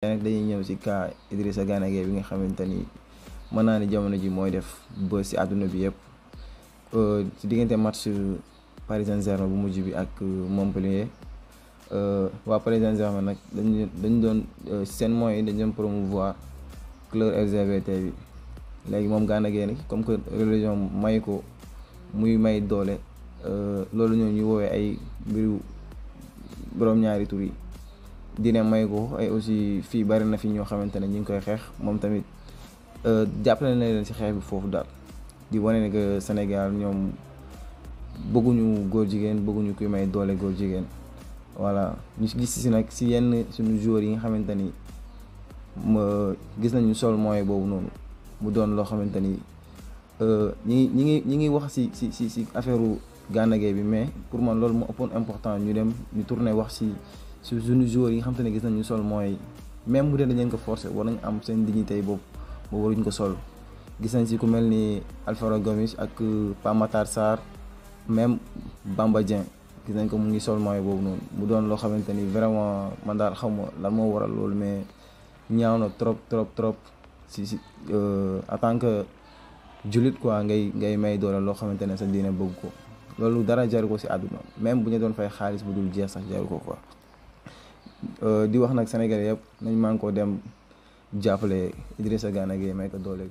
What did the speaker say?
tey nag dañuy ñëw ci cas Idrissa Gana Gueye bi nga xamante ni mën naa ni jamono ji mooy def ba ci àdduna bi yëpp euh, ci diggante match Paris Saint-Germain bu mujj bi ak euh, Montpellier euh, waa Paris Saint-Germain nag dañu dañu doon seen moyens yi dañu doon promouvoir couleur LGBT bi léegi moom Gana Gueye nag comme que religion may ko muy may doole loolu ñoo ñuy woowee ay mbiru borom ñaari tur dina may ko ay aussi fii bari na fi ñoo xamante ne ñu ngi koy xeex moom tamit euh, jàppale na leen si xeex bi foofu daal di wane ne que Sénégal ñoom bëgguñu góor jigéen bëgguñu kuy may doole góor jigéen voilà ñu gis si nag si yenn suñu joueurs yi nga xamante ni ma gis nañu sol mooy boobu noonu mu doon loo xamante ni ñi euh, ñi ngi ñu ngi wax si si si si affaire u bi mais pour man loolu mu ëppoon important ñu dem ñu tourné wax si su suñu joueurs yi nga xam te ne gis nañu sol mooy même bu dee dañ leen ko force war nañ am seen dignité boobu boobu waruñ ko sol gis nañ si ku mel ni Alfaro Gomis ak euh, Pape Matar même Bamba Dieng gis nañ ko mu ngi sol mooy boobu noonu mu doon loo xamante ni vraiment man daal xaw ma lan moo waral loolu mais ñaaw na trop trop trop si si euh, en tant que jullit quoi ngay ngay may doole loo xamante ne sa diine bëgg ko loolu dara jaru ko si àdduna même bu ñu doon fay xaalis bu dul jeex sax jaru ko quoi. Euh, di wax nag Sénégalais yëpp nañ maa ngi koo dem jàppale Idrissa Gana Gueye may ko doole